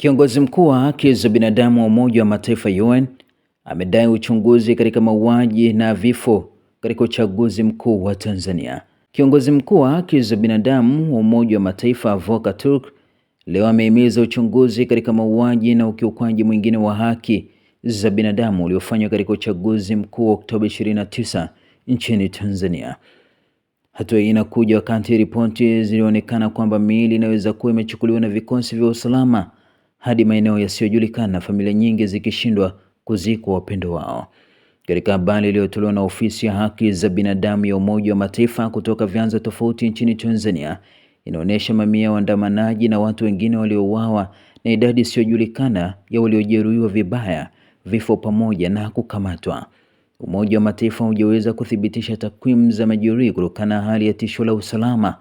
Kiongozi mkuu wa haki za binadamu wa Umoja wa Mataifa UN amedai uchunguzi katika mauaji na vifo katika uchaguzi mkuu wa Tanzania. Kiongozi mkuu wa haki za binadamu wa Umoja wa Mataifa Volker Turk leo amehimiza uchunguzi katika mauaji na ukiukwaji mwingine wa haki za binadamu uliofanywa katika uchaguzi mkuu wa Oktoba 29 nchini Tanzania. Hatua hii inakuja wakati ripoti zilionekana kwamba miili inaweza kuwa imechukuliwa na vikosi vya usalama hadi maeneo yasiyojulikana, familia nyingi zikishindwa kuzikwa wapendo wao. Katika habari iliyotolewa na ofisi ya haki za binadamu ya Umoja wa Mataifa kutoka vyanzo tofauti nchini Tanzania inaonyesha mamia waandamanaji na watu wengine waliouawa na idadi isiyojulikana ya waliojeruhiwa vibaya, vifo pamoja na kukamatwa. Umoja wa Mataifa hujaweza kuthibitisha takwimu za majeruhi kutokana na hali ya tisho la usalama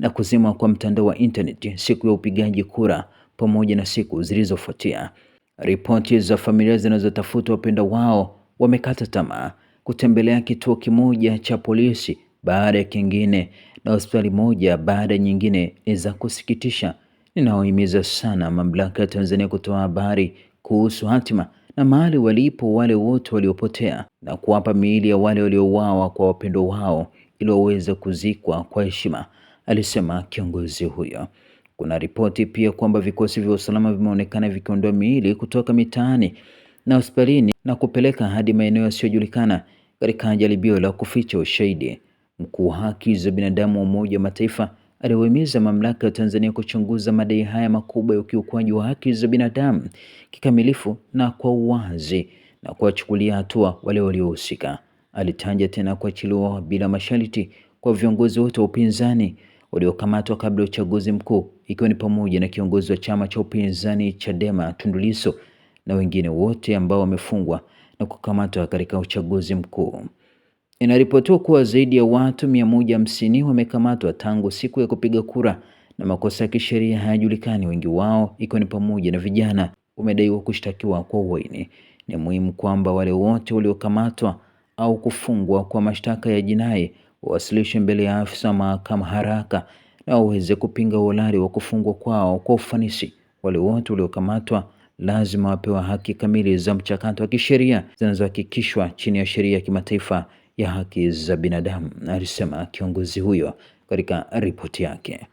na kuzima kwa mtandao wa internet siku ya upigaji kura pamoja na siku zilizofuatia. Ripoti za familia zinazotafuta wapenda wao wamekata tamaa, kutembelea kituo kimoja cha polisi baada ya kingine na hospitali moja baada ya nyingine ni za kusikitisha. Ninaohimiza sana mamlaka ya Tanzania kutoa habari kuhusu hatima na mahali walipo wale wote waliopotea na kuwapa miili ya wale waliouawa kwa wapendo wao ili waweze kuzikwa kwa heshima, alisema kiongozi huyo. Kuna ripoti pia kwamba vikosi vya usalama vimeonekana vikiondoa miili kutoka mitaani na hospitalini na kupeleka hadi maeneo yasiyojulikana katika jaribio la kuficha ushahidi. Mkuu wa haki za binadamu wa Umoja wa Mataifa aliwahimiza mamlaka ya Tanzania kuchunguza madai haya makubwa ya ukiukwaji wa haki za binadamu kikamilifu na kwa uwazi na kuwachukulia hatua wale waliohusika. Alitaja tena kuachiliwa bila masharti kwa viongozi wote wa upinzani waliokamatwa kabla ya uchaguzi mkuu ikiwa ni pamoja na kiongozi wa chama cha upinzani Chadema Tundu Lissu na wengine wote ambao wamefungwa na kukamatwa katika uchaguzi mkuu. Inaripotiwa kuwa zaidi ya watu 150 wamekamatwa tangu siku ya kupiga kura na makosa ya kisheria hayajulikani, wengi wao ikiwa ni pamoja na vijana wamedaiwa kushtakiwa kwa uhaini. Ni muhimu kwamba wale wote waliokamatwa au kufungwa kwa mashtaka ya jinai wawasilishwe mbele ya afisa mahakama haraka na waweze kupinga uhalali wa kufungwa kwao kwa ufanisi. Wale wote waliokamatwa lazima wapewa haki kamili za mchakato wa kisheria zinazohakikishwa chini ya sheria ya kimataifa ya haki za binadamu, alisema kiongozi huyo katika ripoti yake.